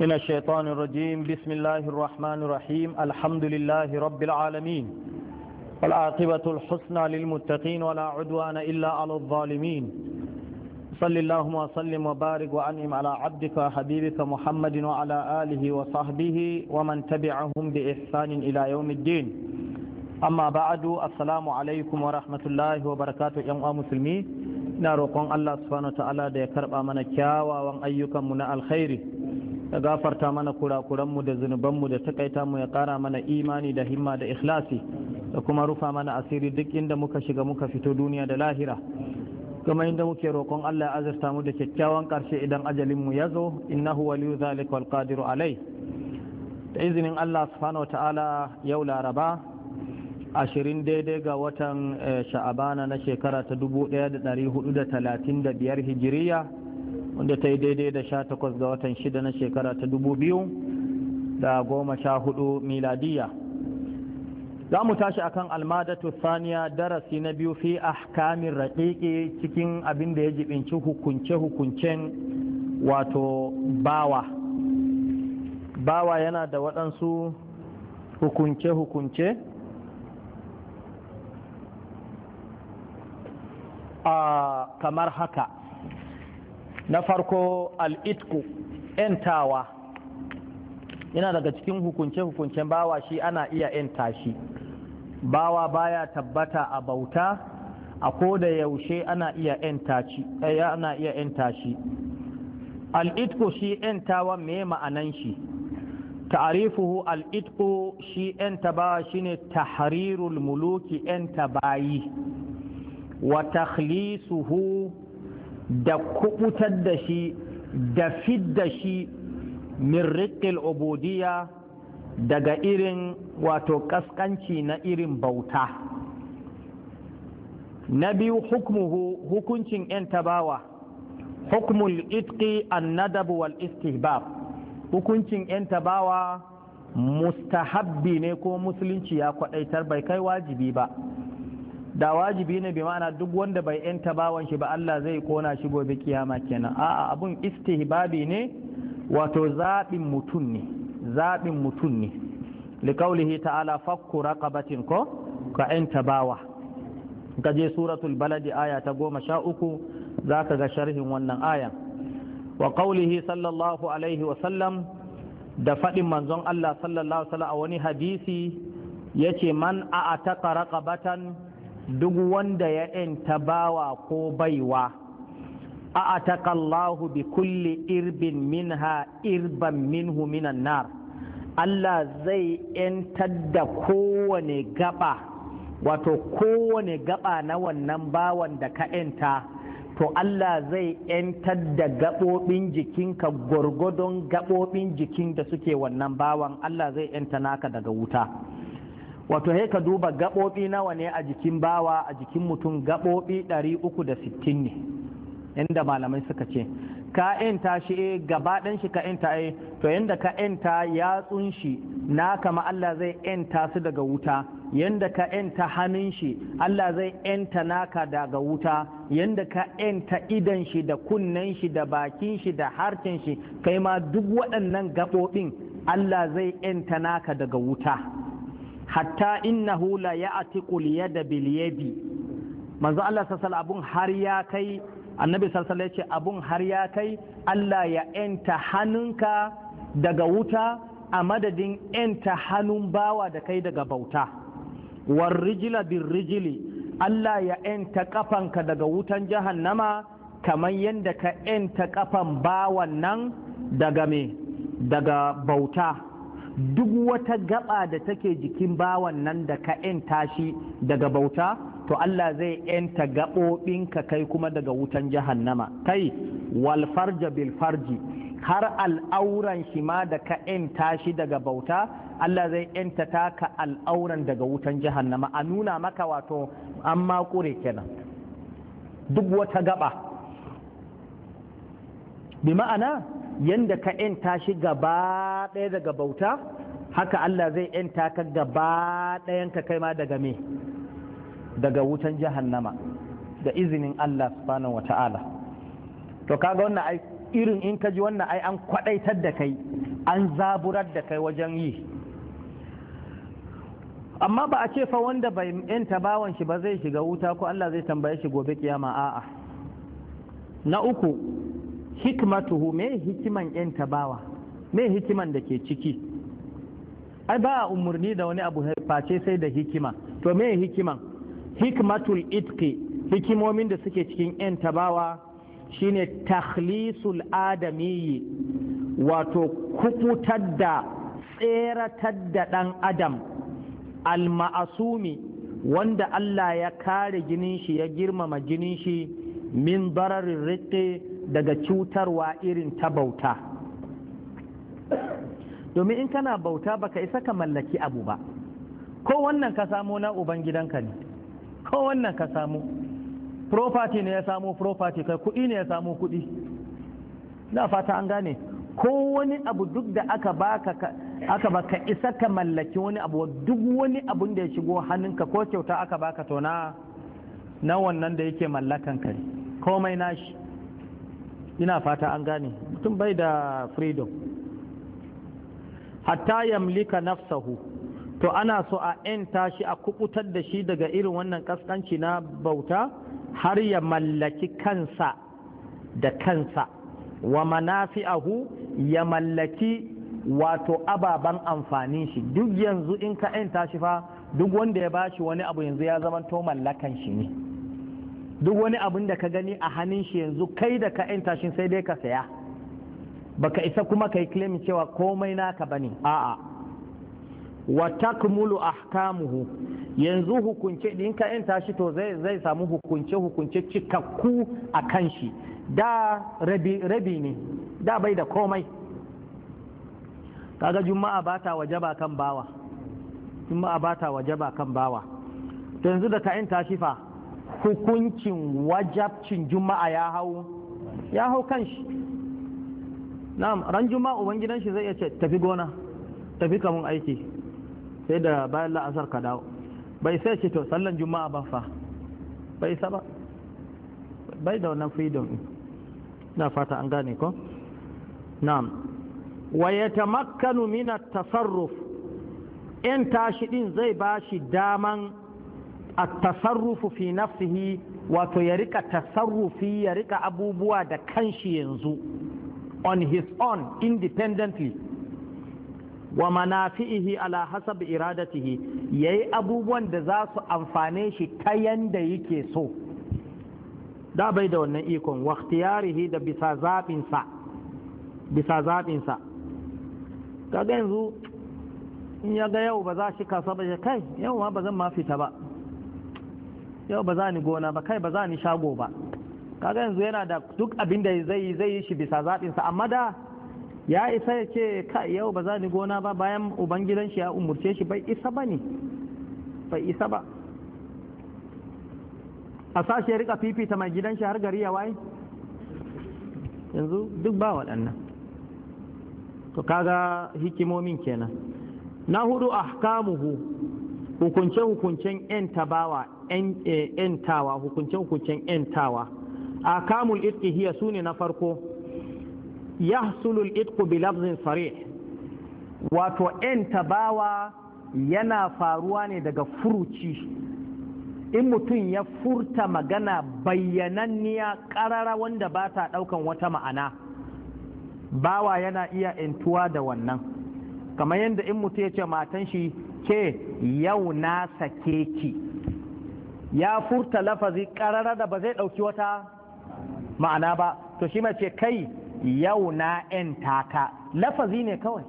من الشيطان الرجيم بسم الله الرحمن الرحيم الحمد لله رب العالمين والعاقبة الحسنى للمتقين ولا عدوان إلا على الظالمين صل اللهم وسلم وبارك وأنعم على عبدك وحبيبك محمد وعلى آله وصحبه ومن تبعهم بإحسان إلى يوم الدين أما بعد السلام عليكم ورحمة الله وبركاته يا مسلمين na roƙon Allah subhanahu wa ta'ala da ya karɓa mana kyawawan ayyukanmu na alkhairi ya gafarta mana kurakuranmu da zunubanmu da takaita mu ya kara mana imani da himma da ikhlasi da kuma rufa mana asiri duk inda muka shiga muka fito duniya da lahira kuma inda muke roƙon Allah ya azurta mu da kyakkyawan ƙarshe idan ajalinmu ya zo innahu waliyu zalik wal qadiru alai da izinin Allah subhanahu wa ta'ala yau laraba ashirin daidai ga watan eh, sha'abana na shekara ta 1435 hijiriya wanda ta yi daidai da sha takwas ga watan shida na shekara ta dubu biyu da goma sha hudu miladiya za mu tashi a kan almadatu saniya darasi na biyu fi ahkamin raƙiƙi cikin abin da ya jibinci hukunce-hukuncen wato bawa bawa yana da waɗansu hukunce-hukunce ah, kamar haka na farko al'itku ‘yantawa yana daga cikin hukunce-hukuncen bawa shi ana iya ‘yanta shi bawa baya tabbata a bauta a ko da yaushe ana iya ‘yanta shi eh, al'itku shi ‘yantawa me ma'anan shi ta'arifuhu al'itku shi ‘yanta bawa shi ne tahrirul muluki ‘yanta bayi wa takhlisuhu da kubutar da shi da fidda shi min riƙil ubudiyya daga irin wato ƙasƙanci na irin bauta na biyu hukuncin 'yan tabawa hukmul itki annadabu wal istihbab hukuncin 'yan tabawa mustahabbi ne ko musulunci ya kwaɗaitar bai kai wajibi ba da wajibi ne bi mana duk wanda bai yanta bawan shi ba Allah zai kona shi gobe kiyama kenan a'a abun istihbabi ne wato zaɓin mutum ne zaɓin mutum ne likaulihi ta'ala fakku raqabatin ko ka yanta bawa ka je suratul baladi aya ta goma sha uku za ka ga sharhin wannan ayan wa qaulihi sallallahu alaihi wa sallam da faɗin manzon Allah sallallahu alaihi wa sallam a wani hadisi yace man a'ataqa raqabatan duk wanda ya ‘yanta bawa ko baiwa, a takallahu bi kulli irbin minha irban minhu minan nar. Allah zai ‘yantar da kowane gaba, wato kowane gaba na wannan bawan da ka ‘yanta, to Allah zai ‘yantar da gaɓoɓin jikinka gwargwadon gaɓoɓin jikin da suke wannan bawan, Allah zai ‘yanta naka daga wuta. wato sai ka duba gaɓoɓi nawa ne a jikin bawa a jikin mutum gaɓoɓi sittin ne inda malamai suka ce ka ta shi e gaba ɗan shi ka e to yanda ka ta yatsun shi na kama Allah zai ta su daga wuta yanda ka ta hannun shi Allah zai ta naka daga wuta yanda ka ta idan shi da kunnen shi da bakin shi da harkin shi kai ma duk waɗannan gaɓoɓin Allah zai ta naka daga wuta hatta inna ya a al-yada yadda yadi manzo Allah sallallahu abun har ya kai annabi sallallahu ya ce abun har ya kai Allah ya enta hannunka daga wuta a madadin enta hannun bawa da kai daga bauta war rijila bin rijili Allah ya enta kafanka daga wutan jahannama kamar yadda ka enta kafan bawan nan daga me daga bauta duk wata gaba da take jikin bawan nan da ka ‘yanta shi daga bauta to Allah zai ‘yanta gaɓoɓinka kai kuma daga wutan jahannama kai walfarja bilfarji har al'auran shi ma da ka ‘yanta shi daga bauta Allah zai ‘yanta taka al'auran daga wutan jahannama a nuna maka wato an makure kenan duk wata gaba bi ma'ana yanda ka ‘yanta shi gaba ɗaya daga bauta haka Allah zai ‘yanta ka gaba ɗayan ka kai ma daga me daga wutan jahannama da izinin Allah subhanahu wa ta'ala to kaga wannan ai irin in ka ji wannan ai an kwaɗaitar da kai an zaburar da kai wajen yi amma ba a ce fa wanda bai ‘yanta bawan shi ba zai shiga wuta ko Allah zai tambaye shi gobe kiyama a'a na uku hikmatuhu me hikiman yan tabawa me hikiman da ke ciki ai ba umarni da wani abu face sai da hikima to me hikiman hikmatul itqi hikimomin da suke cikin yan tabawa shine takhlisul adami wato kuputar da tseratar da ɗan adam alma'asumi wanda Allah ya kare jinin shi ya girmama jinin shi min bararin riƙe daga cutarwa irin ta bauta domin in kana bauta baka isa ka mallaki abu ba ko wannan ka samo na ubangidanka ne ko wannan ka samo property ne ya samo property kai kuɗi ne ya samo kuɗi na fata an gane ko wani abu duk da aka baka aka baka isa ka mallaki wani abu duk wani abun da ya shigo hannunka ko kyauta aka baka to na na wannan da yake mallakan kai komai nashi ina fata an gane mutum bai da freedom hatta yamlika nafsahu to ana so a ‘yanta shi a kubutar da shi daga irin wannan kaskanci na bauta har ya mallaki kansa da kansa wa manafi'ahu ya mallaki wato ababen amfani shi duk yanzu in ka ‘yanta shi fa duk wanda ya bashi wani abu yanzu ya zama to mallakan shi ne duk wani abin da ka gani a hannun shi yanzu kai da ka yanta shi sai dai ka saya baka isa kuma kai claim cewa komai naka bane a'a wa takmulu ahkamuhu yanzu hukunce din ka yanta shi to zai zai samu hukunce hukunce cikakku a kan shi da rabi rabi ne da bai da komai kaga juma'a bata wajaba kan bawa juma'a bata wajaba kan bawa yanzu da ka yanta shi fa hukuncin wajabcin juma'a ya hau ya hau kanshi na'am ran juma'a ubangidan shi zai iya ce tafi gona tafi kamun aiki sai da bayan la'asar ka dawo bai sai ce to sallan juma'a ba fa bai saba bai da wannan freedom na fata an gane ko na'am wa yatamakkanu min at-tasarruf in tashi din zai bashi daman A tasarrufu fi nafsihi wato ya rika tasarrufi ya rika abubuwa da kanshi yanzu on his own independently wa manafi'ihi ala hasab iradatihi yayi abubuwan da za su amfane shi ta yanda yake so da bai da wannan ikon wa ikhtiyarihi da bisa zaɓinsa bisa zaɓinsa kaga yanzu in ya ga yau ba za shi kasa ba kai yau ma ba zan ma fita ba yau ba za ni gona ba kai ba za ni shago ba kaga yanzu yana da duk abin da zai yi zai yi shi bisa zaɓinsa amma da ya isa ya ce yau ba za ni gona ba bayan ubangidan shi ya umurce shi bai isa ba ne bai isa ba a sashi ya rika fifita mai gidan shi har gari ya waye yanzu duk ba waɗannan to kaga hikimomin kenan na hudu ahkamuhu hukunce-hukuncen 'yan tabawa eh, 'yan tawa hukunce-hukuncen 'yan tawa a kamul itki hiya su ne na farko ya sulul itku bilabzin sare wato 'yan tabawa yana faruwa ne daga furuci in mutum ya furta magana bayyananniya karara wanda ba ta ɗaukan wata ma'ana bawa yana iya 'yantuwa da wannan kamar yadda in mutum ya ce matan shi ke yau na sake ki ya furta lafazi karara da ba zai ɗauki wata ma'ana ba to shi mace kai yau na ‘yan taka lafazi ne kawai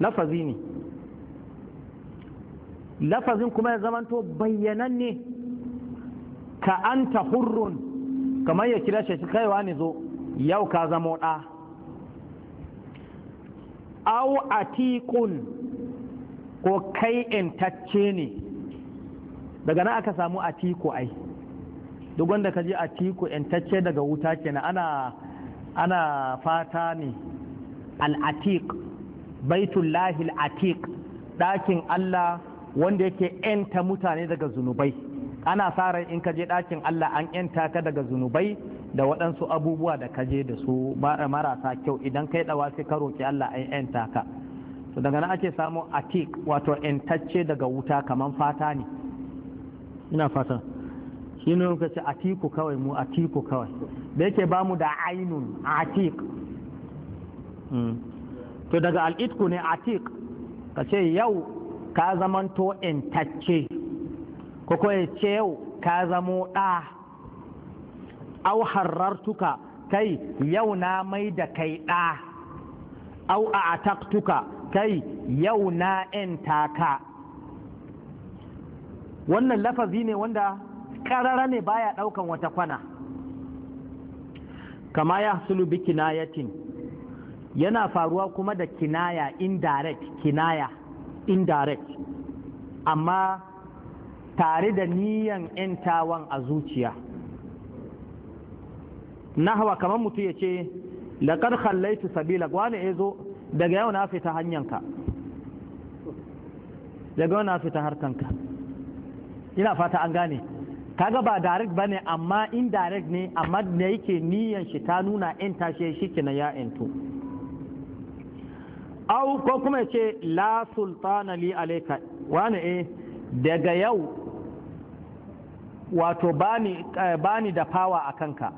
lafazi ne lafazin kuma ya zamanto bayyanan ne ka an hurrun kamar ya kira shi kaiwa ne zo yau ka zamo ɗa au atiqun ko kai intacce ne daga nan aka samu atiku ai duk wanda ka je atiku intacce daga wuta kenan ana ana fata ne al-atiq baitullahi al-atiq dakin Allah wanda yake ‘yanta mutane daga zunubai ana sa ran in je dakin Allah an enta ka daga zunubai da waɗansu abubuwa da ka je da su marasa kyau idan kai dawa sai ka roki Allah an ‘yanta ka to daga nan ake samu atik wato intacce daga wuta kaman fata ne ina fata shi ne muka ce atiku kawai mu atiku kawai da yake ba mu da ainun atik hmm. to daga al'itku ne atik ka ce yau ka zamanto intacce ko ko ya ce yau ka zamo ɗa au harartuka kai yau na mai da kai ɗa au a ataktuka kai yau na ‘yan taka wannan lafazi ne wanda ƙarara ne baya ɗaukan wata kwana kama ya bi kinayatin yana faruwa kuma da kinaya indirect kinaya indirect amma tare da niyan ‘yantawan a zuciya na hawa kamar mutu ya ce laƙar hallaitu sabila wani ya zo daga yau na fita hanyanka daga yau na fita harkanka ina fata an gane kaga ba direct ba ne amma indirect ne amma da yake niyan shi ta nuna in tashe shi kina ya into au ko kuma ce la sultana li alayka wani eh daga yau wato bani, eh, bani da power a kanka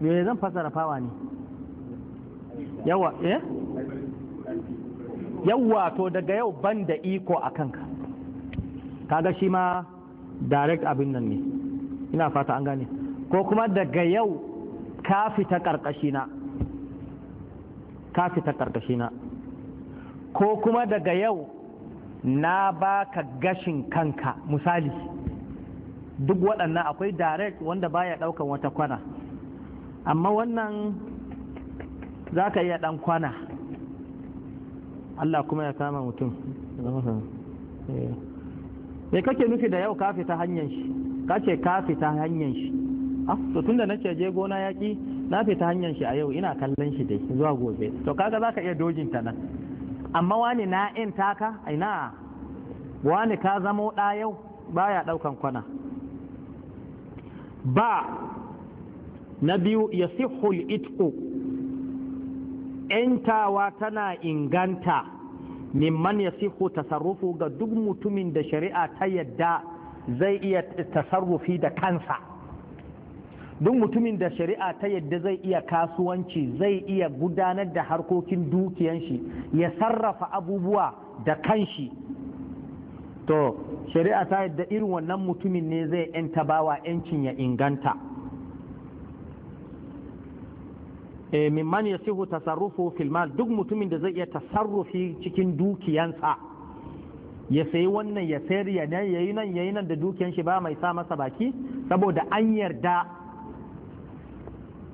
me zan fasara power ne yawa eh yawa to daga yau ban da iko a kanka kaga shi ma direct abin nan ne ina fata an gane ko kuma daga yau ka fita karkashina ka fita karkashina ko kuma daga yau na baka gashin kanka misali duk waɗannan akwai direct wanda baya ɗaukan wata kwana amma wannan za ka iya ɗan kwana Allah kuma ya kama mutum eh. me kake nufi da yau ka fita hanyar shi ka ce ka fita hanyar shi ah, to tunda na ce je gona yaƙi na fita hanyar shi a yau ina kallon shi dai zuwa gobe to kaga za ka iya dojin ta nan amma wani na in taka ina wani ka zamo ɗa yau baya ɗaukan kwana ba na biyu ya sihul itku 'yantawa tana inganta mimman ya siku tasarrufu ga duk mutumin da shari'a ta yadda zai iya tasarrufi da kansa duk mutumin da shari'a ta yadda zai iya kasuwanci zai iya gudanar da harkokin dukiyanshi, ya sarrafa abubuwa da kanshi to shari'a ta yadda irin wannan mutumin ne zai 'yanta bawa 'yancin ya inganta Eh, mimman ya sihu tasarrufu filmal duk mutumin da zai iya tasarrufi cikin dukiyansa ya sayi wannan ya sayar ya nan yayi nan yayi nan da dukiyan shi ba mai sa masa baki saboda an yarda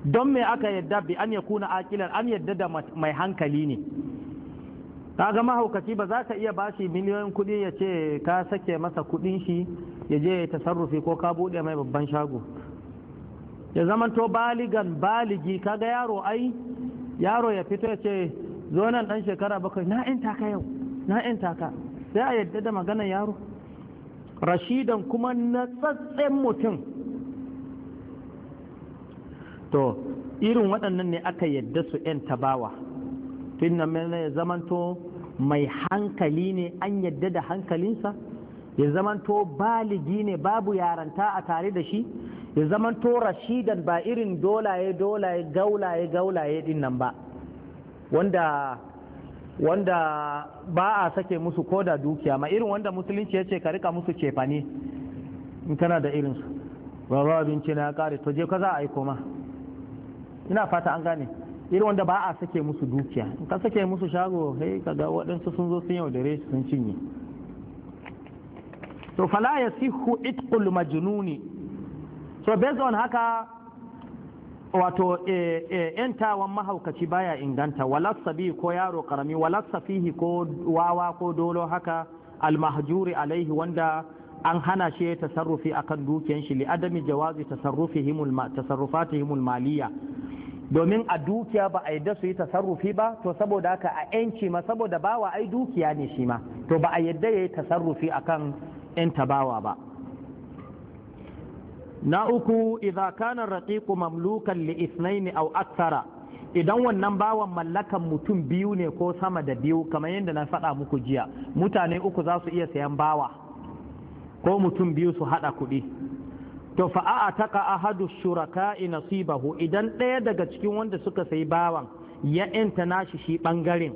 don me aka yarda bi an yakuna aqilan an yarda da mai hankali ne kaga mahaukaci ba za ka iya bashi miliyoyin kuɗi ya ce ka sake masa kuɗin shi ya je ya tasarrufi ko ka buɗe mai babban shago ya zamanto baligan baligi kaga yaro ai yaro ya fito ya ce zo nan dan shekara bakwai na in taka yau na in taka sai a yadda da magana yaro rashidan kuma na tsatsen mutum to irin waɗannan ne aka yadda su 'yan tabawa tun nan ya zamanto mai hankali ne an yadda da hankalinsa ya zamanto baligi ne babu yaranta a tare da shi ya zaman to rashidan ba irin dolaye dolaye gaulaye gaulaye din nan ba wanda wanda ba a sake musu ko da dukiya ma irin wanda musulunci ya ce ka rika musu cefane in kana da irinsu ba ba abinci na kare to je ka za a aiko ma ina fata an gane irin wanda ba a sake musu dukiya in ka sake musu shago sai kaga waɗansu sun zo sun yaudare sun cinye to fala yasihu itqul majnuni so based on haka wato yantawan e, e, mahaukaci baya inganta bi ko yaro karami fihi ko wawa ko dolo haka almahjuri alaihi wanda an hana shi ya tasarrufi akan dukiyan shi li adami jawazi tasarrufatihimul maliya domin a dukiya ba a yadda su yi tasarrufi ba to saboda haka a yanci ma saboda bawa ai dukiya ne shi ma to ba a yadda ya yi tasarrufi akan yan tabawa ba na uku idza kana raqiqu mamlukan li ithnaini aw akthara idan wannan bawan mallakan mutum biyu ne ko sama da biyu kamar yadda na faɗa muku jiya mutane uku za su iya sayan bawa ko mutum biyu su haɗa kuɗi to fa'a taka ahadu shuraka nasibahu idan ɗaya daga cikin wanda suka sayi bawan ya yanta nashi shi ɓangaren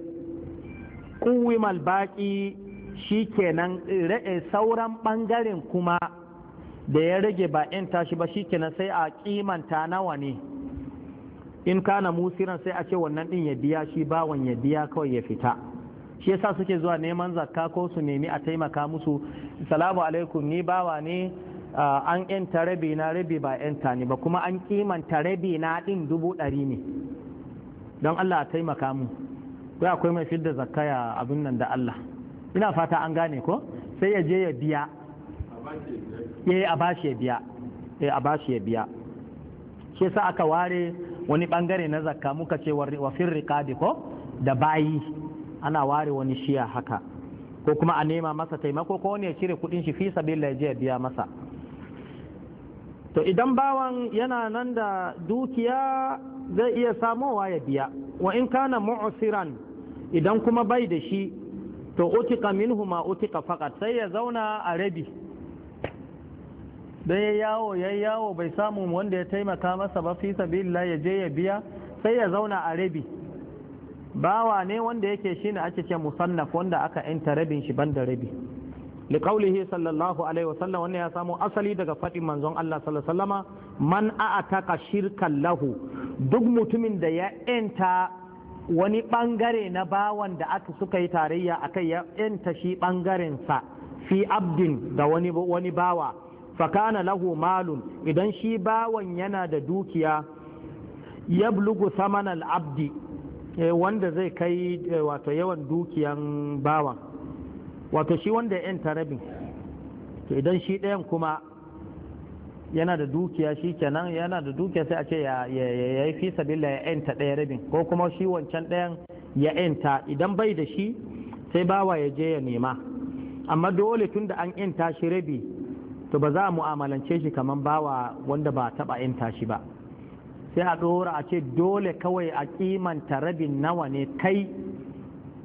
kuwimal baƙi shi kenan eh, sauran ɓangaren kuma da ya rage ba in tashi ba shikenan sai a kimanta nawa ne in kana musiran sai a ce wannan din ya biya shi bawan ya biya kawai ya fita shi yasa suke zuwa neman zakka ko su nemi a taimaka musu salamu alaikum ni bawa ne an yanta rabi na rabi ba yanta ne ba kuma an kimanta rabi na din dubu ɗari ne don Allah a taimaka mu kai akwai mai fidda zakka ya abin nan da Allah ina fata an gane ko sai ya je ya biya E a bashi ya biya ya eh, a bashi ya biya shi yasa aka ware wani bangare na zakka muka ce wa kadi ko da bayi ana ware wani shiya haka ko kuma a nema masa taimako ko wani ya cire kudin shi fi laje ya biya masa to idan bawan yana nan da dukiya zai iya samowa ya biya wa in kana mu'siran idan kuma bai da shi to utika minhu ma utika faqat sai ya zauna a rabi don ya yawo ya yawo bai samu wanda ya taimaka masa ba fi sabilillah ya je ya biya sai ya zauna a rabi bawa ne wanda yake shine ake ce musannaf wanda aka yanta rabin shi banda rabi liqaulihi sallallahu alaihi wasallam wannan ya samo asali daga fadin manzon Allah sallallahu alaihi wasallama man a'ataka shirkan lahu duk mutumin da ya yanta wani bangare na bawan da aka suka yi tarayya akai ya yanta shi bangaren sa fi abdin da wani wani bawa fakana lahu malun idan shi bawan yana da dukiya ya bulugu saman al'abdi eh, wanda zai kai eh, wato yawan dukiyan bawan wato shi wanda yan tarabin to idan shi ɗayan kuma yana da dukiya shi kenan yana da dukiya sai a ce ya yi fi sabila ya yanta ɗaya rabin ko kuma shi wancan ɗayan ya yanta idan bai da shi sai bawa ya je ya nema amma dole tun da an yanta shi rabi to ba za a mu'amalance shi kamar bawa wanda ba taba yanta shi ba sai a ɗora a ce dole kawai a kimanta rabin nawa ne kai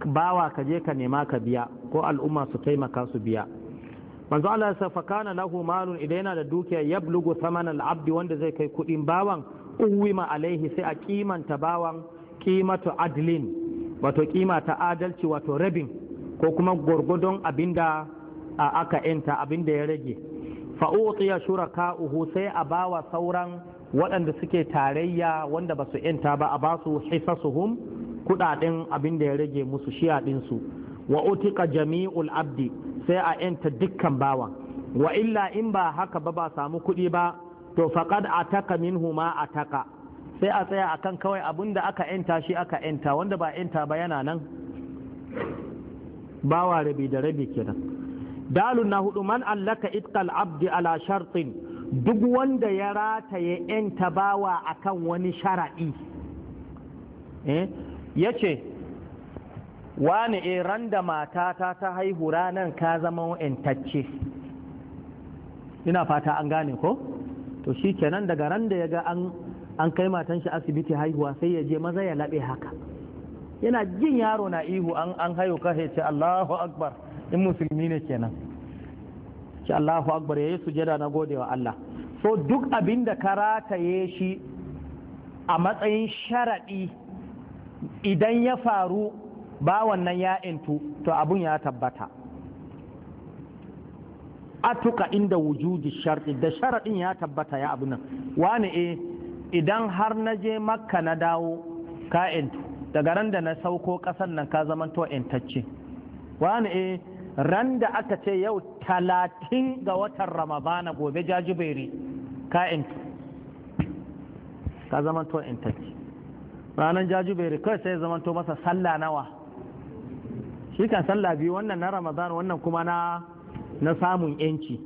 bawa ka je ka nema ka biya ko al'umma su taimaka su biya manzo Allah ya fa kana lahu malun idan yana da dukiya yablugu thaman al-abd wanda zai kai kudin bawan uwima alaihi sai a kimanta bawan kimatu adlin wato kima ta adalci wato rabin ko kuma gwargwadon abinda aka yanta abinda ya rage fa'utiya shuraka'uhu sai a bawa sauran waɗanda suke tarayya wanda ba su yanta ba a ba su hisasuhum kudaden abin da ya rage musu shiya ɗinsu wa utika jami'ul abdi sai a yanta dukkan bawa wa illa in ba haka ba ba samu kuɗi ba to faqad ataka minhu ma ataka sai a tsaya akan kawai abin da aka yanta shi aka yanta wanda ba yanta ba yana nan bawa rabi da rabi kenan dalun na hudu man allaka itqal abdi ala shartin duk wanda ya rataye yanta bawa akan wani shara'i eh yace wani e eh, randa matata ta haihu ranan ka zama yantacce ina fata an gane ko to shi kenan daga ran da ya ga an an kai matan shi asibiti haihuwa sai ya je maza ya laɓe haka yana jin yaro na ihu an an hayo ka ce Allahu akbar in musulmi ne kenan ki Allahu akbar yayi sujada na gode wa Allah so duk abin da ka rataye shi a matsayin sharaɗi idan ya faru ba wannan ya intu to abun ya tabbata atuka inda wujudi sharɗi da sharaɗin ya tabbata ya abu nan wani e eh, idan har na je makka na dawo ka intu daga ran da na sauko ƙasar nan ka zamanto intacce wani e eh, ran da aka ce yau talatin ga watan ramadana gobe jajibere ka zama ka zamanto intaki ranar jajibere kawai sai zamanto masa sallah nawa shi kan sallah biyu wannan na ramadana wannan kuma na na samun yanci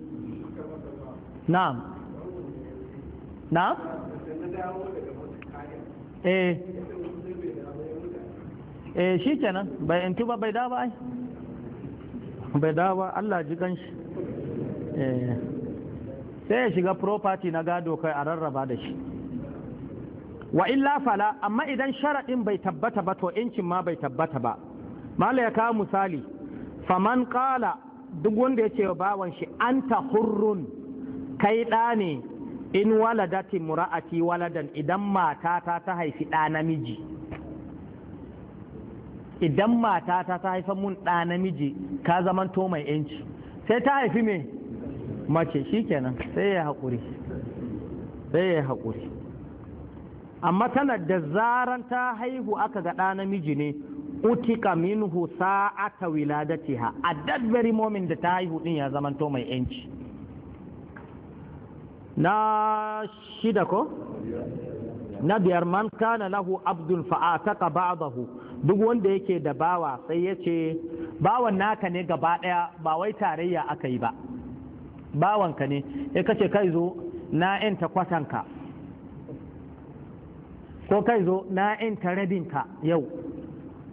na'am na'am eh eh shi kenan bai intuba bai da ba ai bai dawo Allah ji ganshi eh, sai ya shiga property na gado kai a rarraba da shi wa illa fala amma idan sharaɗin bai tabbata ba to incin ma bai tabbata ba mala ya kawo misali faman kala duk wanda ya ce wa bawan shi anta hurrun kai ɗa ne in waladati mura'ati waladan idan matata ta haifi ɗa namiji idan matata ta haifar mun ɗa namiji ka to mai yanci sai ta haifi me mace shikenan sai ya haƙuri sai ya haƙuri amma tana da zaran ta haihu aka ga ɗa namiji ne utika minhu sa'ata wiladatiha a that very moment da ta haihu din ya to mai yanci na shida ko na biyar man kana lahu abdul fa'ataka ba'dahu duk wanda yake da bawa sai ya ce bawan naka ne gaba ɗaya ba wai tarayya aka yi ba bawanka ne ya kace kai zo na yanta kwatanka ko kai zo na yanta rabinka yau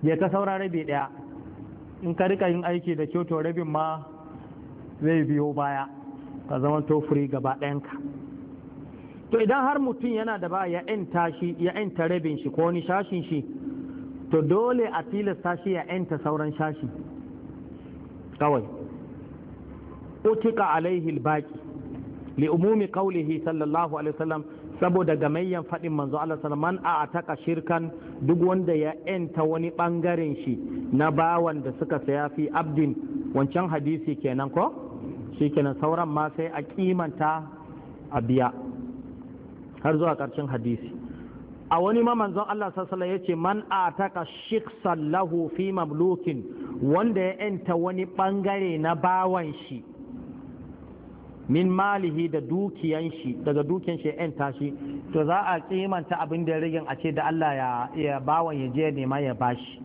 ya ka saura rabi ɗaya in ka rika yin aiki da kyoto rabin ma zai biyo baya ka zama to free gaba ɗayanka to idan har mutum yana da ba ya yanta tashi ya ta rabin shi ko wani shashin shi to dole a tilasta shi ya yanta sauran shashi kawai utika alaihi baki li umumi qawlihi sallallahu alaihi wasallam saboda gamayyan faɗin manzo Allah man a ataka shirkan duk wanda ya yanta wani bangaren shi na bawan da suka saya fi abdin wancan hadisi kenan ko shi sauran ma sai a kimanta a biya har zuwa karshen hadisi a wani mamanzon Allah sassala ya ce man a taka lahu fi mamlukin wanda ya yanta wani ɓangare na bawan shi min malihi da dukiyan shi daga dukiyan shi yanta shi to za a kimanta abin da rigin a ce da Allah ya bawan ya je nema ya bashi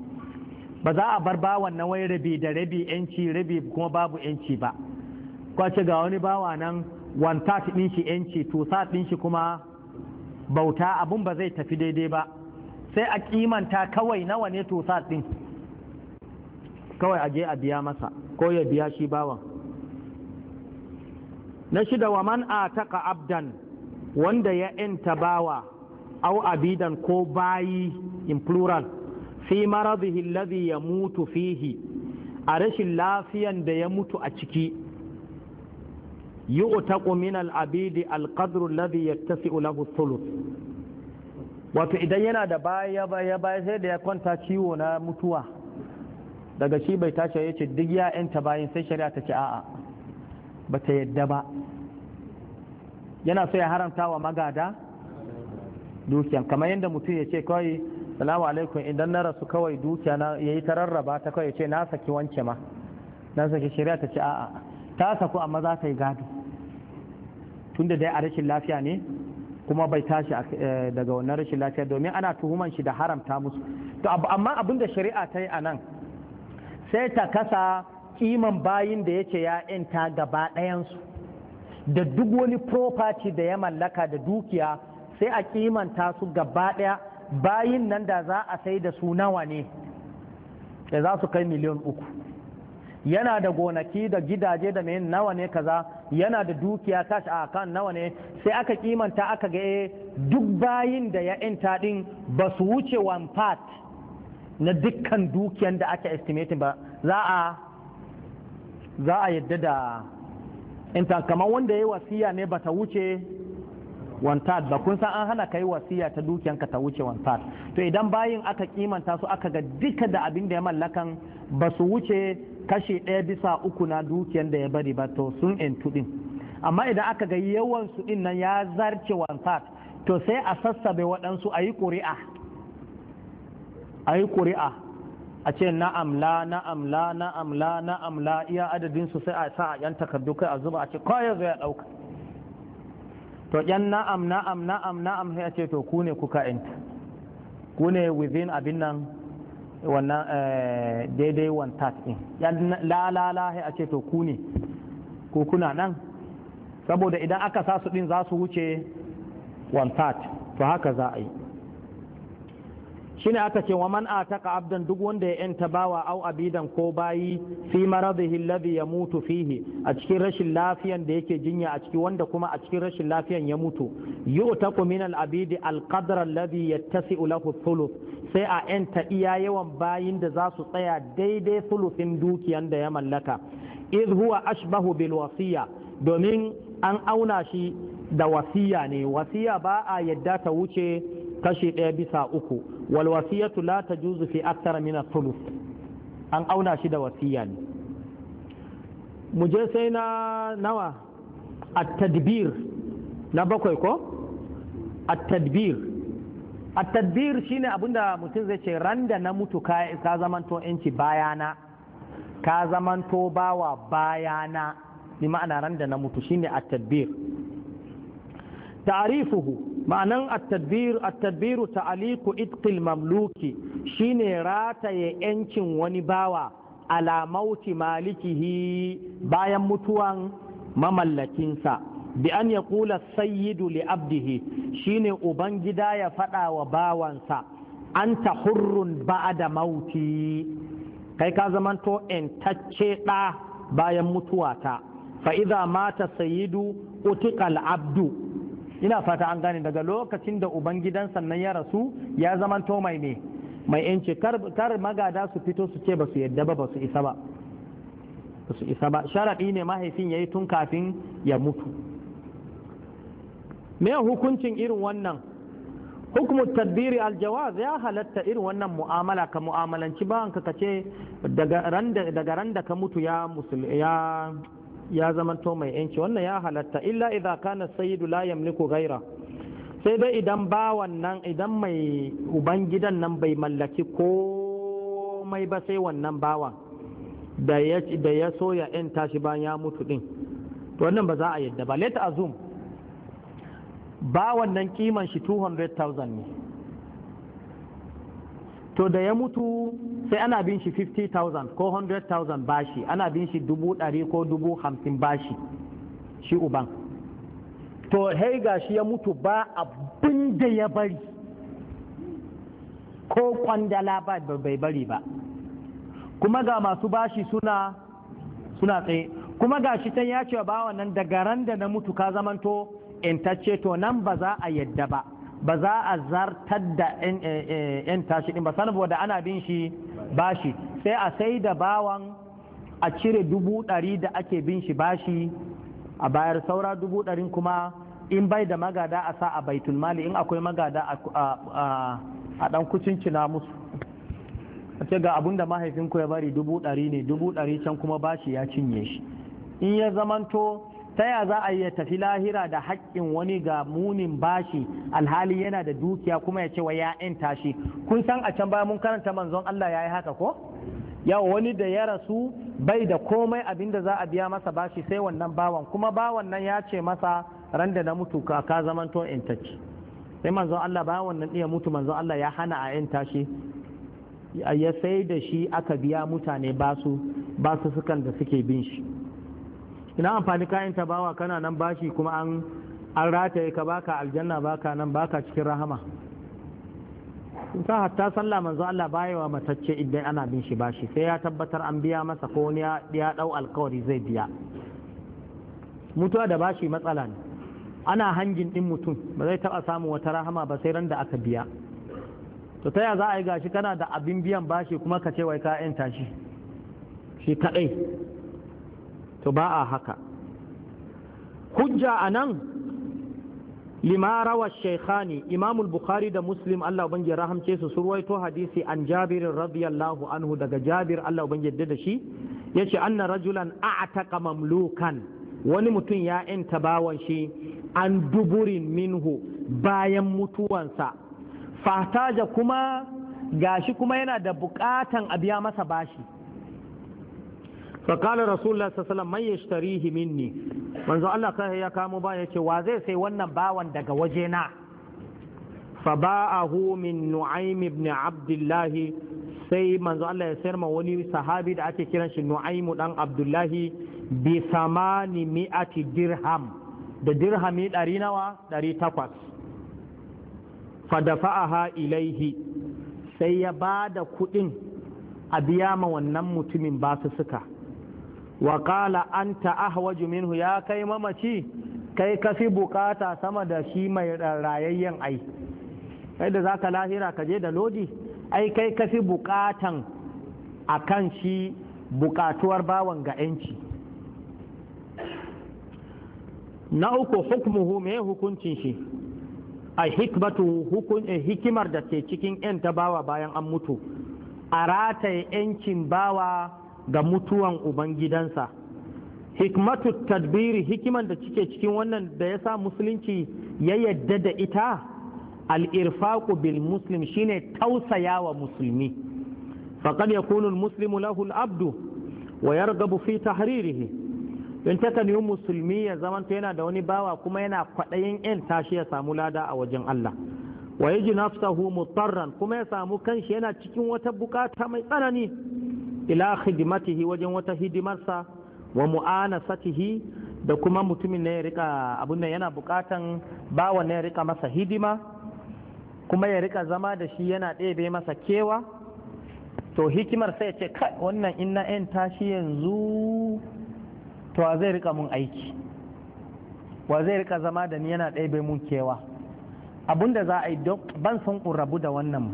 ba za a bar bawan na wai rabi da rabi yanci rabi kuma babu yanci ba kwace ga wani bawa nan wanta shi yanci to sa shi kuma bauta abun ba zai tafi daidai ba sai a kimanta kawai nawa ne to ɗin kawai a je a biya masa ko ya biya shi bawan na shida wa man ataka abdan wanda ya yanta bawa au abidan ko bayi in plural fi maradihi ya mutu fihi a rashin lafiyan da ya mutu a ciki yu'taqu min al-abidi al-qadru alladhi yattasi'u lahu thuluth wato idan yana da baya baya baya sai da ya kwanta ciwo na mutuwa daga shi bai tashi ya ce duk ya'yanta bayan sai shari'a ta ce a'a ba ta yadda ba yana so ya haramta wa magada dukiyan kamar yadda mutum ya ce kawai salamu alaikum idan na rasu kawai dukiya na ya yi ta rarraba ta kawai ya ce na saki wance ma na saki shari'a ta ce a'a ta saku amma za ta yi gado tunda dai a rashin lafiya ne kuma bai tashi eh, daga wannan rashin lafiya domin ana tuhuman shi da haramta musu to amma abin da shari'a ta yi a nan sai ta kasa kiman bayin da yake ya yanta gaba ɗayansu da duk wani property da ya mallaka da dukiya sai a kimanta su gaba ɗaya bayin nan da za a sai da su nawa ne da za su kai miliyan uku yana da gonaki da gidaje da mai nawa ne kaza yana da dukiya tashi a kan nawa ne sai aka kimanta aka ga eh, duk bayin da ya yanta din ba su wuce one part na dukkan dukiyan da aka estimating ba za a za a yadda da inta kamar wanda ya yi wasiya ne ba ta wuce one part ba kun san an hana kai wasiya ta dukiyanka ta wuce one part to idan bayin aka kimanta su aka ga duka da abin da ya mallakan ba su wuce kashi ɗaya bisa uku na dukiyar da ya bari ba to sun entu ɗin amma idan aka ga yawan su ɗin nan ya zarce wansat to sai a sassabe waɗansu a yi ƙuri'a a yi ƙuri'a a ce na'am la na'am la na'am la na'am la iya adadin su sai a sa a yan takardu kai a zuba a ce kawai ya ɗauka to yan na'am na'am na'am na'am sai a ce to ku ne kuka enta ku ne within abin nan wannan eh, daidai one tat din la la la a ce to ku ne ko kuna nan saboda idan aka sa su din za su wuce one tat to haka za a yi shine aka ce wa man ataka abdan duk wanda ya yanta bawa au abidan ko bayi fi maradihi alladhi yamutu fihi a cikin rashin lafiyan da yake jinya a ciki wanda kuma a cikin rashin lafiyan ya mutu yu'taqu min al-abidi al-qadra alladhi yattasi'u lahu thuluth sai a yanta iya yawan bayin da za su tsaya daidai thuluthin dukiyan da ya mallaka iz huwa ashbahu bil wasiya domin an auna shi da wasiya ne wasiya ba a yadda ta wuce kashi ɗaya bisa uku wal wasiyatu la tajuzu fi akthara min thuluth an auna shi da wasiya ne mu je sai na nawa at-tadbir na bakwai ko at-tadbir at-tadbir shine abinda mutum zai ce randa na mutu ka ka zamanto yanci bayana ka zamanto bawa bayana ni ma'ana randa na mutu shine at-tadbir ta'rifuhu ma'anan at ta aliku tadbiru itqil mamluki shine rataye yancin wani bawa ala mauti malikihi bayan mutuwan mamallakinsa bi an yaqula sayyidu li abdihi shine ubangida ya fada wa bawansa anta hurrun ba'da mauti kai ka zamanto entacce da bayan mutuwata fa idza mata sayyidu utiqal abdu ina fata an gane daga lokacin da ubangidan sannan ya rasu ya zamanto mai me mai yanci kar magada su fito su ce ba su yadda ba su isa ba ba su isa ba sharaɗi ne mahaifin ya yi tun kafin ya mutu me hukuncin irin wannan hukumu tadbiri aljawaz ya halatta irin wannan mu'amala ka mu'amalanci bawanka ka ce daga ran da ka mutu ya ya zamanto mai yanci wannan ya halatta illa idza kana sayyidu la yamliku gaira, sai dai idan bawan nan idan mai ubangidan nan bai mallaki komai ba sai wannan bawan da ya da ya so ya yanta shi bayan ya mutu din to wannan ba za a yadda ba let azum bawan nan kiman shi 200,000 ne to da ya mutu sai ana bin shi 50,000 ko 100,000 bashi ana bin shi dubu ɗari ko dubu hamsin bashi shi uban to hei shi ya mutu ba abin da ya bari ko kwandala ba bai bari ba kuma ga masu bashi suna suna tsaye kuma gashi can ya ce ba wannan daga ran da na mutu ka zamanto intacce to nan ba za a yadda ba ba za a zartar da yan eh, eh, tashi din ba saboda ana bin shi bashi sai a sai da bawan a cire dubu ɗari da ake bin shi bashi a bayar saura dubu ɗarin kuma in bai da magada a sa a baitul mali in akwai magada a ɗan kucin musu a ce ga abun mahaifinku ya bari dubu ɗari ne dubu ɗari can kuma bashi ya cinye shi in ya zamanto ta ya za a yi tafi lahira da haƙƙin wani ga munin bashi alhali yana da dukiya kuma ya ce wa ya'yan tashi kun san a can baya mun karanta manzon Allah ya yi haka ko yawa wani da ya rasu bai da komai abin da za a biya masa bashi sai wannan bawan kuma bawan nan ya ce masa ran da na mutu ka ka zamanto tace sai manzon Allah ba wannan iya mutu manzon Allah ya hana a yan tashi ya sai da shi aka biya mutane basu basu sukan da suke bin shi ina amfani kayan tabawa kana nan bashi kuma an an rataye ka baka aljanna baka nan baka cikin rahama ta hatta sallah manzo Allah baya wa matacce idan ana bin shi bashi sai ya tabbatar an biya masa ko wani ya dau alkawari zai biya mutuwa da bashi matsala ne ana hangin din mutum ba zai taba samu wata rahama ba sai ran da aka biya to ta ya za a yi gashi kana da abin biyan bashi kuma ka ce wai ka yanta shi shi kadai to ba a haka hujja a nan limarawa shekhani imamul bukhari da muslim allah ubangi rahamce su surwaito hadisi an jabirin radiyallahu anhu daga jabir allah ubangi da shi ya ce anna rajulan a'ataka mamlukan wani mutum ya yanta bawan shi an duburin minhu bayan mutuwansa fataja kuma gashi kuma yana da bukatan a biya masa bashi فقال رسول الله صلى الله عليه وسلم من يشتريه Allah ya kamo ba yace wa zai sai wannan bawan daga waje na faba'ahu min nu'aym ibn abdullah sai manzo Allah ya sayar ma wani sahabi da ake kiran shi Nu'aimu dan abdullah bi samani mi'ati dirham da dirhami ɗari nawa ɗari takwas fadafa'aha ilaihi sai ya ba da kuɗin a biya ma wannan mutumin basu suka wa an anta ahwaju minhu ya kai mamaci kai ka fi bukata sama da shi mai rayayyen ai kai da zaka lahira ka je da lodi ai kai ka fi a akan shi bukatuwar bawan ga yanci na uku hukmuhu mai hukuncin shi a hikmatu eh, hikimar da ke cikin 'yan ta bawa bayan an mutu a rataye 'yancin bawa ga mutuwan ubangidansa hikmatu tadbiri hikiman da cike cikin wannan da ya sa musulunci ya yadda da ita al'irfaku bil muslim shine tausaya wa musulmi faƙad ya kunun muslimu lahul abdu wa yargabu fi tahririhi don ta yi musulmi ya zama ta yana da wani bawa kuma yana kwaɗayin 'yan tashi ya samu lada a wajen Allah wa yaji nafsahu mutarran kuma ya samu kanshi yana cikin wata bukata mai tsanani ila khidmatihi wajen wata hidimarsa wa mu'anasatihi da kuma mutumin ne ya rika abun nan yana bukatan bawa ne ya rika masa hidima kuma ya rika zama da shi yana ɗebe masa kewa to hikimar sai ce kai wannan in na yan tashi yanzu to wa zai rika mun aiki wa zai rika zama da ni yana ɗebe mun kewa abun da za a yi ban san rabu da wannan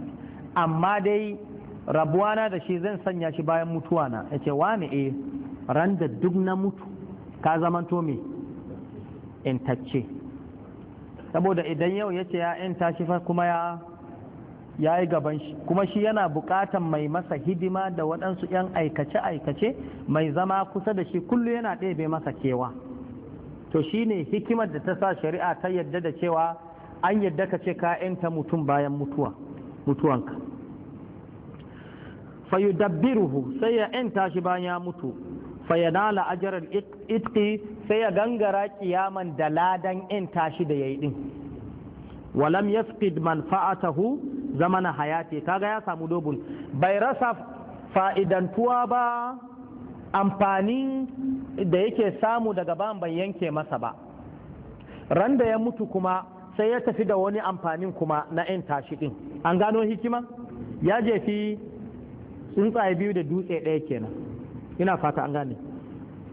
amma dai rabuwana da shi zan sanya shi bayan mutuwa na ya ce eh, ran da duk na mutu ka zamanto me tacce saboda idan yau yace ce ya in tashi fa kuma ya ya gaban shi kuma shi yana buƙatar mai masa hidima da waɗansu 'yan aikace-aikace mai zama kusa da shi kullu yana ɗebe masa kewa to shine hikimar da ta sa shari'a ta yadda da cewa an yadda ka ce ka 'yanta mutum bayan mutuwa mutuwanka fayudabbiruhu sai ya yanta tashi ba ya mutu fa ya fayanala ajarar itki sai ya gangara kiyaman da ladan yanta shi da ya yi ɗin walam yafqid manfa'atahu zamana hayati kaga ya samu dobun bai rasa fa'idantuwa ba amfani da yake samu daga ban bai yanke masa ba ran da ya mutu kuma sai ya tafi da wani amfanin kuma na 'yan tashi ɗin an gano hikima ya jefi tsuntsaye biyu da dutse ɗaya kenan ina fata an gane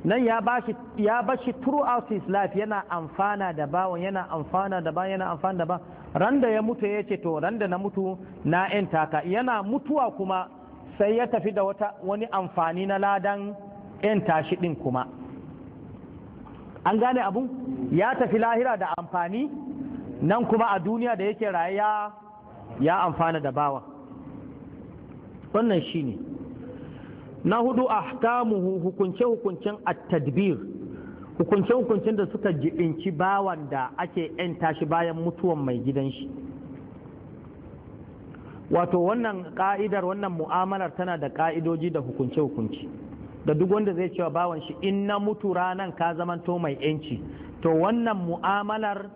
nan ya bashi ya bashi throughout his life yana amfana da bawon yana amfana da bawon yana amfana da bawon randa ya mutu ya ce to randa na mutu na yan taka yana mutuwa kuma sai ya tafi da wata wani amfani na ladan yan tashi din kuma an gane abun ya tafi lahira da amfani nan kuma a duniya da yake raye ya amfana da bawa. wannan shi ne. na hudu ahkamuhu hukunce hukuncen a tadbir hukunce hukuncen da suka jibinci bawan da ake yanta tashi bayan mutuwan mai gidan shi wato wannan ka'idar wannan mu'amalar tana da ka'idoji da hukunce hukunci da duk wanda zai cewa bawan shi in na mutu ranan ka zamanto mai yanci to wannan mu'amalar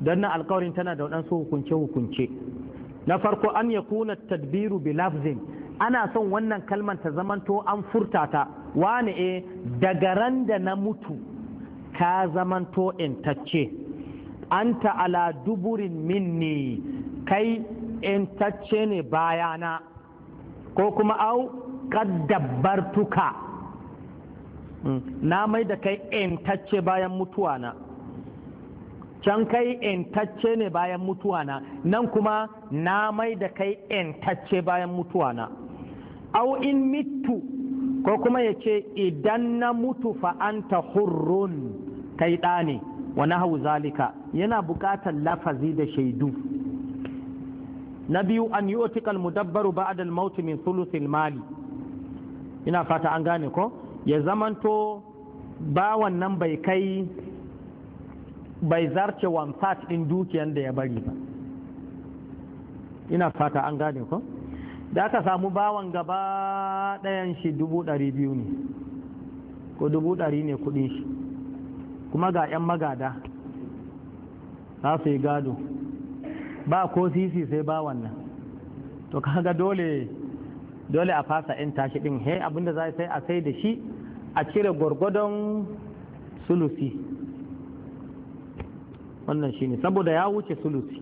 da na alkawarin tana da waɗansu hukunce-hukunce na farko an ya kuna tadbiru bi lafzin ana son wannan kalmar ta zamanto an furta ta wani e eh, daga ran da na mutu ka zamanto intacce anta ala duburin minni kai intacce ne bayana ko kuma au kaddabartuka hmm, na mai da kai intacce bayan mutuwa can kai intacce ne bayan mutuwana nan kuma na mai da kai intacce bayan mutuwana. na au in mitu ko kuma ya ce idan na mutu fa'anta hurrun kai ɗa ne wa hau zalika yana buƙatar lafazi da shaidu na biyu an yi otikal mudabbaru ba'ad al min thuluthil mali ina fata an gane ko ya zamanto ba wannan bai kai bai zarce one part din dukiyan da ya bari ba ina fata an gane ko da aka samu bawan gaba ɗayan shi dubu ɗari biyu ne ko dubu ɗari ne kuɗin shi kuma ga 'yan magada za su yi gado ba ko sisi sai ba wannan to kaga dole dole a fasa 'yan tashi ɗin he abinda za sai a sai da shi a cire gwargwadon sulusi wannan shi ne, saboda ya wuce sulusi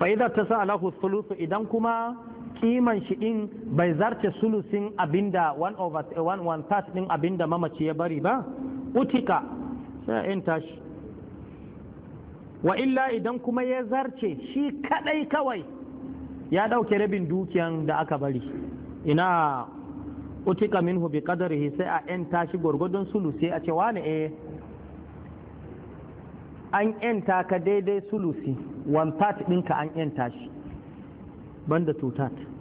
fa'idar ta sa alahu sulusu idan kuma kiman shi din bai zarce sulusin abinda one over one one third din abinda mamaci ya bari ba utika sai in tashi wa illa idan kuma ya zarce shi kadai kawai ya dauke rabin dukiyan da aka bari ina utika minhu bi qadarihi sai a in tashi gurgudun sulusi a ce wane eh an yanta ka daidai sulusi one third ɗinka an yanta shi banda two third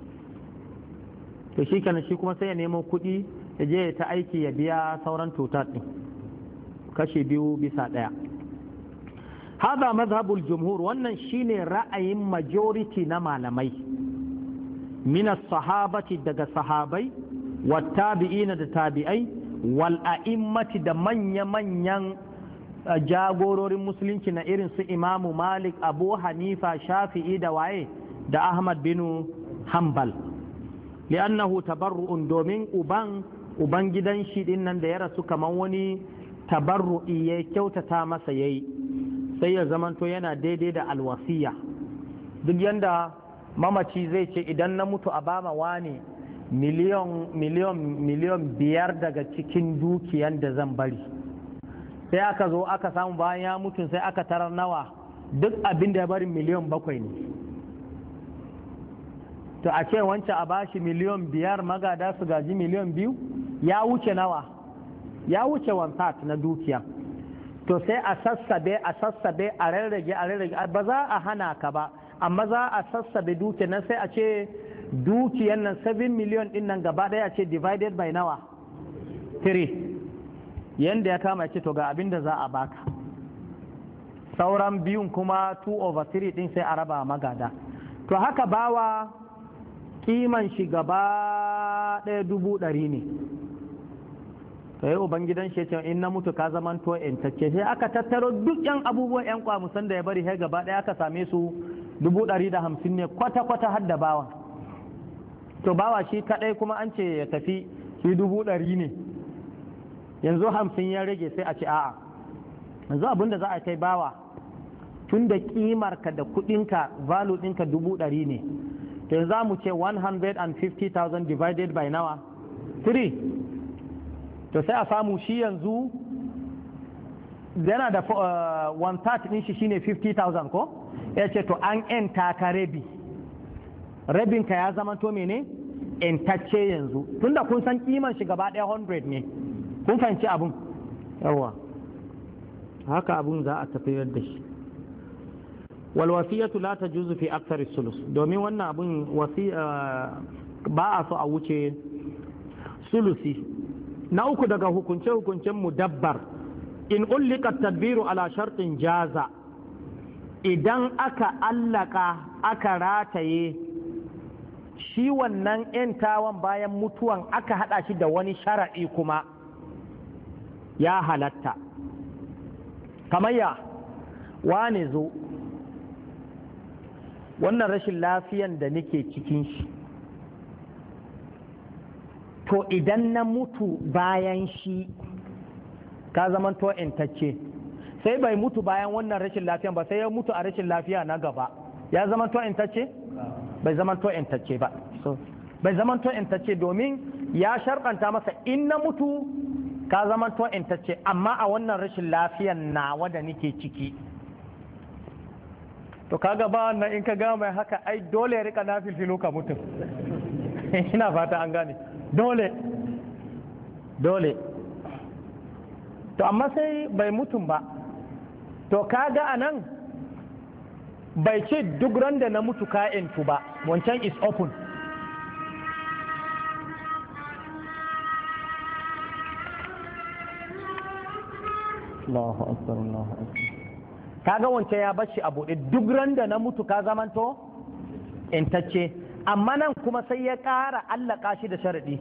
to shi kenan shi kuma sai ya nemo kuɗi ya je ta aiki ya biya sauran tutar ɗin kashi biyu bisa ɗaya haza mazhabul jumhur wannan shine ra'ayin majority na malamai mina sahabati daga sahabai wattabi'ina da tabi'ai wal a'immati da manya-manyan eh, jagororin musulunci na irin su imamu malik abu hanifa shafi'i da waye da ahmad binu hanbal li'annahu tabarru'un domin uban uban gidan shi din da ya rasu kamar wani tabarru'i ya kyautata masa yayi sai ya zamanto yana daidai da alwasiya duk yadda mamaci zai ce idan na mutu a bama wani miliyon miliyon miliyon biyar daga cikin dukiyan da zan bari sai aka zo aka samu bayan ya mutu sai aka tara nawa duk abinda da ya bari miliyon bakwai ne to a ce wancan a bashi miliyon biyar magada su gaji miliyon biyu ya wuce nawa ya wuce one na dukiya to sai a sassabe a sassabe a rarrage a rarrage ba za a hana ka ba amma za a sassabe dukiya nan sai a ce dukiyan nan 7 miliyon din nan gaba daya ce divided by nawa 3 yanda ya kama ce to ga abin da za a baka sauran biyun kuma 2 over 3 din sai a raba magada to haka bawa kiman shi gaba ɗaya dubu ɗari ne to yi ubangidan shi ce in na mutu ka zaman to yantacce sai aka tattaro duk yan abubuwan yan kwamusan da ya bari sai gaba ɗaya aka same su dubu ɗari da hamsin ne kwata-kwata har da bawa to bawa shi kaɗai kuma an ce ya tafi shi dubu ɗari ne yanzu hamsin ya rage sai a ce a'a yanzu abin da za a kai bawa tun da kimarka da kuɗinka valo ɗinka dubu ɗari ne to za mu ce 150,000 divided by nawa 3 to sai a samu shi yanzu yana da uh, one third ɗin shi shine 50,000 ko ya ce to an enta ka rabi Rabin ka ya zama to mene entacce yanzu tunda kun san kiman shi gaba ɗaya 100 ne kun fahimci abun yawa haka abun za a tafiyar da shi walwasiyatu la ta juzu fi aksari sulus domin wannan abin ba a so a wuce sulusi na uku daga hukunce-hukuncen dabbar, in ullika tadbiru ala shartin jaza idan aka allaka aka rataye shi wannan 'yantawan bayan mutuwan aka hada shi da wani shara'i kuma ya halatta Kamar ya, wane zo wannan rashin lafiyan da nake cikin shi to idan na mutu bayan shi ka zaman to intacce sai bai mutu bayan wannan rashin lafiyan ba sai ya mutu a rashin lafiya na gaba ya zaman to intacce bai zaman to intacce ba bai zaman to intacce domin ya sharɗanta masa in na mutu ka zaman to intacce amma a wannan rashin lafiyan nawa da nake ciki to kaga ba wannan in ka gama haka ai dole ya rika nafil filo ka mutum ina fata an gane dole dole to amma sai bai mutum ba to kaga a nan bai ce duk randa na mutu ka'intu ba wancan is open Allahu akbar Allahu kaga wance ya bashi a buɗe duk randa na mutu ka zamanto intacce amma nan kuma sai ya ƙara allaka shi da sharaɗi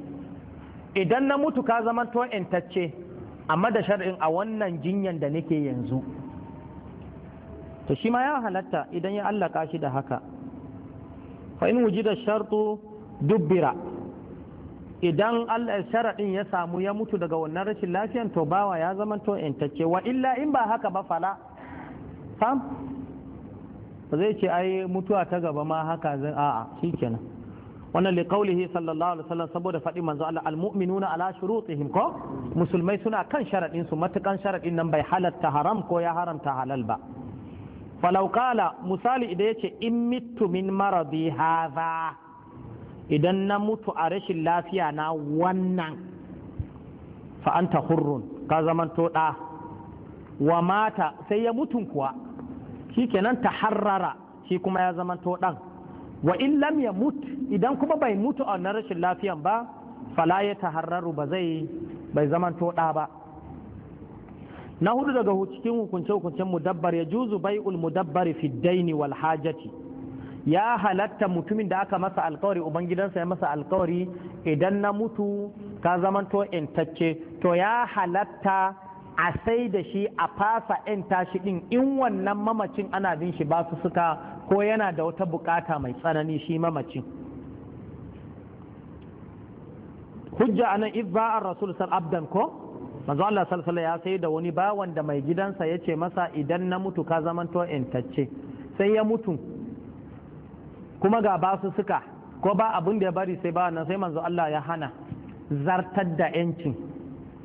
idan na mutu ka zamanto intacce amma da sharaɗin a wannan jinyan da nake yanzu to shi ma ya halatta idan ya allaka shi da haka fa in wujida shartu dubbira idan sharaɗin ya samu ya mutu daga wannan rashin lafiyan to bawa ya zamanto intacce wa illa in ba haka ba fala sam zai ce ai mutuwa ta gaba ma haka zai a'a shikenan wannan li qaulihi sallallahu alaihi wasallam saboda faɗi manzo Allah almu'minuna ala shurutihim ko musulmai suna kan sharadin su matukan sharadin nan bai halatta haram ko ya haramta halal ba falau qala misali idan yace in mittu min maradi hadha idan na mutu a rashin lafiya na wannan fa anta hurrun ka zamanto da wa mata sai ya mutun kuwa kenan shi ta harrara, shi kuma ya zamanto ɗan wa in lam ya mut idan kuma bai mutu a wannan rashin lafiyan ba fala ya ta taharraru ba zai bai zamanto da ba na hudu daga cikin hukunce hukuncen mudabbar ya juzu ul mudabbari fi daini wal hajati ya halatta mutumin da aka masa alkawari ubangidansa ya masa alkawari idan na mutu ka zamanto intacce to ya halatta a sai da shi a fasa 'yan tashi ɗin in wannan mamacin ana bin shi ba su suka ko yana da wata bukata mai tsanani shi mamacin hujja anan ba an rasul sal abdan ko manzo Allah sallallahu ya sai da wani bawan da mai gidansa ya ce masa idan na mutu ka zamanto intacce sai ya mutu kuma ga ba su suka ko ba abin da ya bari sai ba nan sai manzo Allah ya hana zartar da 'yancin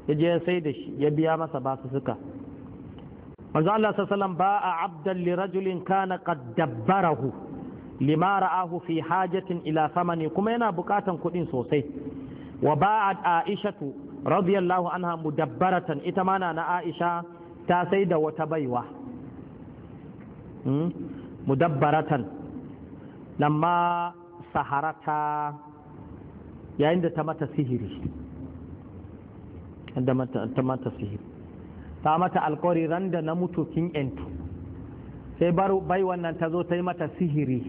ya je ya sai da shi ya biya masa basu suka manzo Allah sallallahu ba a abdan li rajulin kana qad dabbarahu lima ra'ahu fi hajatin ila samani kuma yana bukatan kuɗi sosai wa ba'a aishatu radiyallahu anha mudabbaratan ita ma na aisha ta sai da wata baiwa hmm? mudabbaratan lamma saharata yayin da ta mata sihiri ta mata sihir ta mata alkawari ran da na mutu kin yanto sai bai wannan ta zo ta yi mata sihiri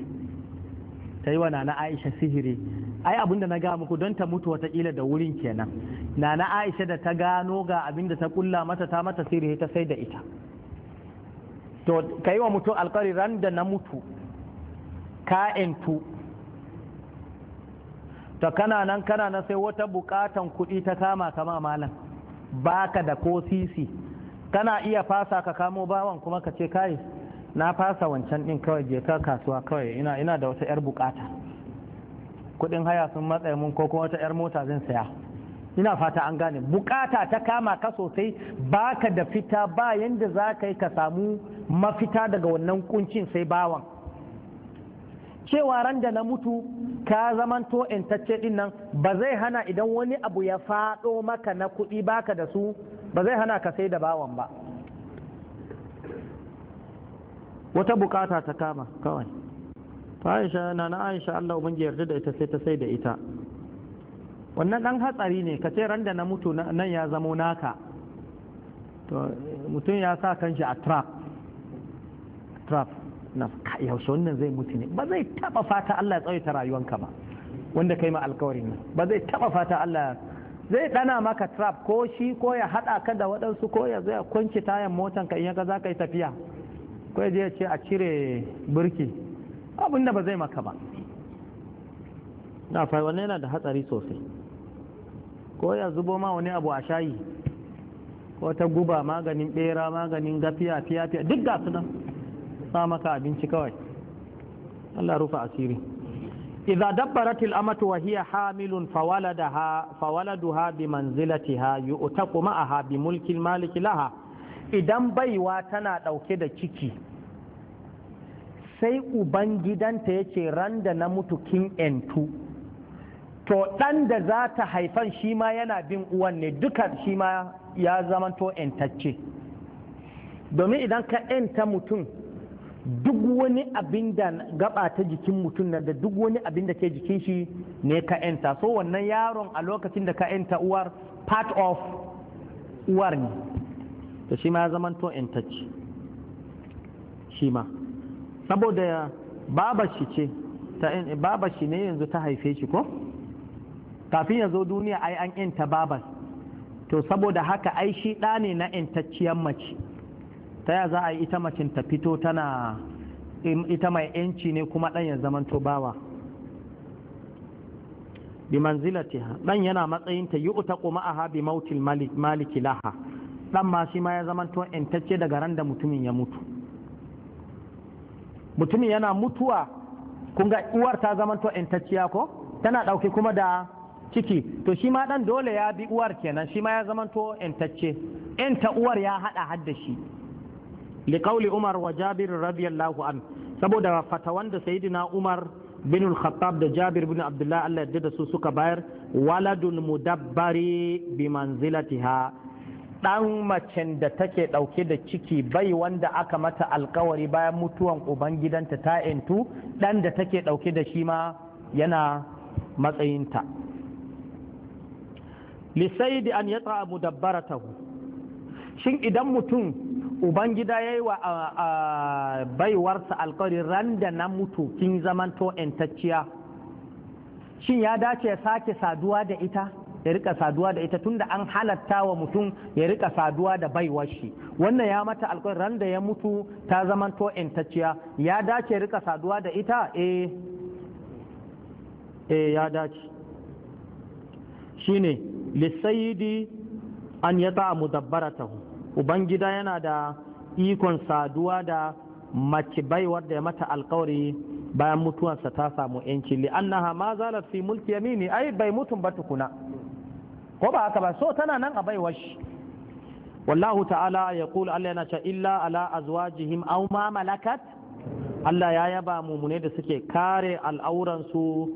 ta yi wa nana aisha sihiri ai abinda na ga muku don ta mutu watakila da wurin kenan nana aisha da ta gano ga abinda ta kulla mata ta mata sihiri ta sai da ita to ka yi wa mutu alkawari ran da na mutu ka yanto ta kana nan kana nan sai wata bukatan kuɗi ta kama kama malam baka da ko sisi kana iya fasa ka kamo bawan kuma ka ce kai na fasa wancan din kawai je ka kasuwa kawai ina ina da wata yar bukata kudin haya sun matsa mun ko kuma wata yar mota zan saya ina fata an gane bukata ta kama ka sosai baka da fita ba yanda za ka yi ka samu mafita daga wannan kuncin sai bawan cewa ran da na mutu ka to intacce din nan ba zai hana idan wani abu ya faɗo maka na kuɗi baka da su ba zai hana ka sai da bawan ba wata bukata ta kama kawai aisha na na aisha Allah ubangi yarda da ita sai ta sai da ita wannan dan hatsari ne ka ce ran da na mutu nan ya zamo naka to mutum ya sa kanshi a trap trap na yaushe wannan zai mutu ne ba zai taba fata Allah ya tsawaita rayuwanka ba wanda kai ma alkawarin nan ba zai taba fata Allah zai dana maka trap ko shi ko ya hada ka da waɗansu ko ya zai kwanci tayan motan ka in ga za ka yi tafiya ko ya je ya ce a cire birki abin da ba zai maka ba na fa wannan yana da hatsari sosai ko ya zubo ma wani abu a shayi ko ta guba maganin bera maganin gafiya fiya fiya duk ga su nan sa maka abinci kawai Allah rufa asiri idza dabbaratil amatu wa hiya hamilun fawaladaha fawaladuha bi manzilatiha yu'taqu ma'aha bi mulkil al-malik laha idan baiwa tana dauke da ciki sai uban gidanta yace randa na mutu kin entu to dan da za ta haifan shi ma yana bin uwan ne duka shi ma ya zamanto ‘yantacce domin idan ka ‘yanta mutum duk wani abin da gaba ta jikin mutum da duk wani abin da ke jikin shi ne ka yanta so wannan yaron a lokacin da ka yanta uwar part of uwar ne to shi ma ya zama to yantacci shi ma saboda babar shi ce babar shi ne yanzu ta haife shi ko kafin ya zo duniya ai an yanta babar to saboda haka ai shi ɗa ne na yantacciyar mace ta ya za a yi ita macin ta fito tana ita mai yanci ne kuma ɗan ya to bawa bi manzilatiha ɗan yana matsayin ta yi uta kuma a habi mautil maliki laha ɗan ma shi ma ya to yantacce daga ran da mutumin ya mutu mutumin yana mutuwa kun ga uwar ta zamanto yantacciya ko tana ɗauke kuma da ciki to shi ma ɗan dole ya bi uwar kenan shi ma ya zamanto yantacce yanta uwar ya haɗa haddashi. shi liƙauli umar wa jabir radiyallahu an saboda fatawan da sayidina umar bin al-khattab da jabir bin Abdullahi Allah yadda da su suka bayar waladul mudabbari bi manzilatiha dan macen da take dauke da ciki bai wanda aka mata alkawari bayan mutuwan ubangidanta ta intu dan da take dauke da shi ma yana matsayinta lisaidi an yatsa mudabbaratahu shin idan mutum ubangida ya yi wa baiwarsa alkawari ran da na mutu kin zamanto ‘yantacciya shin ya dace ya sake saduwa da ita ya rika saduwa da ita tunda an halatta wa mutum ya rika saduwa da baiwar shi wannan ya mata alkawari ran da ya mutu ta zamanto ‘yantacciya ya dace ya rika saduwa da ita eh eh ya dace ne lissayidi an ya ta'a mudabbaratahu ubangida yana da ikon saduwa da mace baiwar da ya mata alkawari bayan mutuwansa ta samu yanci li annaha ma zalat fi mulki yamini ai bai mutum ba tukuna ko ba haka ba so tana nan a baiwar shi wallahu ta'ala ya kula Allah yana ce illa ala azwajihim aw ma malakat Allah ya yaba mumune da suke kare al'auransu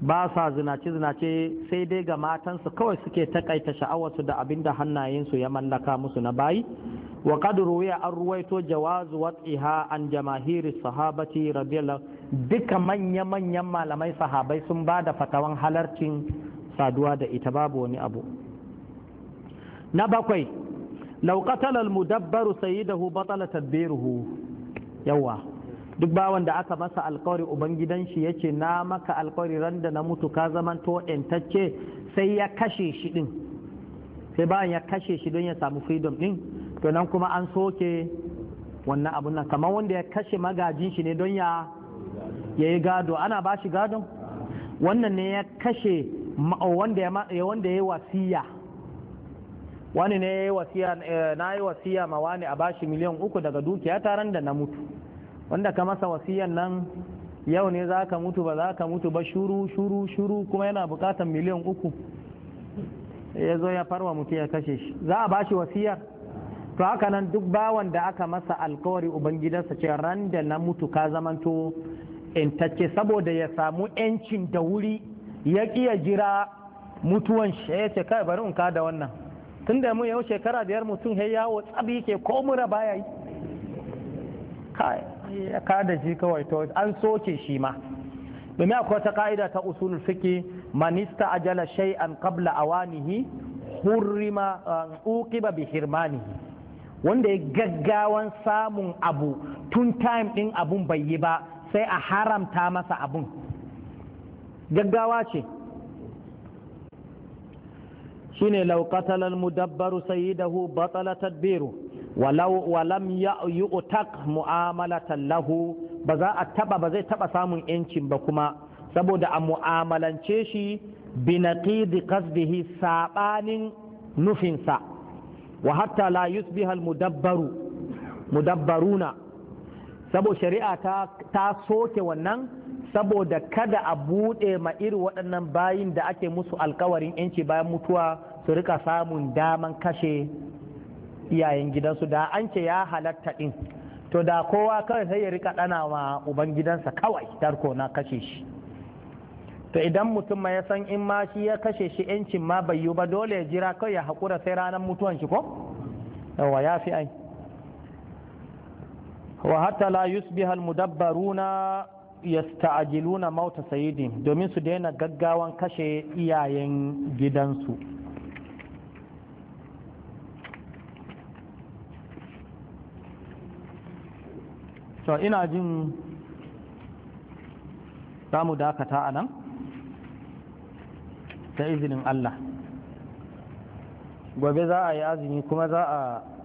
ba sa zinace-zinace sai dai ga matansu kawai suke takaita sha'awarsu da abin da hannayensu ya mallaka musu na bayi wa kadru ya an ruwaito jawazu wat'iha an jamahiri sahabati radiyallahu duka manya-manyan malamai sahabai sun ba da fatawan halarcin saduwa da ita babu wani abu na bakwai law qatala al-mudabbaru sayyidahu batala tadbiruhu yawa duk bawan da aka masa alkawari ubangidan shi yace na maka alkawari ran da na mutu ka zaman to entacce sai ya kashe shi din sai bayan ya kashe shi don ya samu freedom din to nan kuma an soke wannan abun nan kamar wanda ya kashe magajin shi ne don ya yi gado ana ba shi gado wannan ne ya kashe wanda ya yi wasiya wani ne ya yi wasiya eh, na yi wasiya ma wani a bashi miliyan uku daga dukiya taron da na mutu wanda ka masa wasiyan nan yau ne za ka mutu ba za ka mutu ba shuru shuru shuru kuma yana bukatan miliyan uku ya zo ya farwa mutu ya kashe shi za a bashi wasiyar to haka nan duk bawan da aka masa alkawari ubangidansa ce ran da na mutu ka zamanto intacce saboda ya samu yancin da wuri ya kiya jira mutuwan shi ya ce kai bari in ka da wannan tun da mu yau shekara biyar mutum ya yawo tsabi ke ko mura baya yi kai ya kada shi kawai to an soke shi ma domin akwai wata ka'ida ta usul fiki manista ajala shay'an qabla awanihi hurrima uqiba bi hirmanihi wanda ya gaggawan samun abu tun time din abun bai yi ba sai a haramta masa abun gaggawa ce shine law qatala al-mudabbaru sayyidahu batala tadbiru walam ya utak mu'amalatan lahu ba za a taba ba zai taba samun yancin ba kuma saboda a mu'amalance shi bi naqidi qasdihi sabanin nufinsa wa hatta la yusbiha al mudabbaru mudabbaruna saboda shari'a ta ta soke wannan saboda kada a bude ma iri waɗannan bayin da ake musu alkawarin yanci bayan mutuwa su rika samun daman kashe iyayen gidansu da an ce ya halatta ɗin to da kowa kawai sai ya rika ɗana wa uban kawai tarko na kashe shi to idan mutum ya san in ma shi ya kashe shi yancin ma bai yi ba dole ya jira kawai ya haƙura sai ranar mutuwan shi ko yawa ya fi ai wa hatta la yusbiha almudabbaruna yasta'jiluna mauta sayyidin domin su daina gaggawan kashe iyayen gidansu to ina jin za mu dakata a nan ta izinin Allah gobe za a yi azumi kuma za a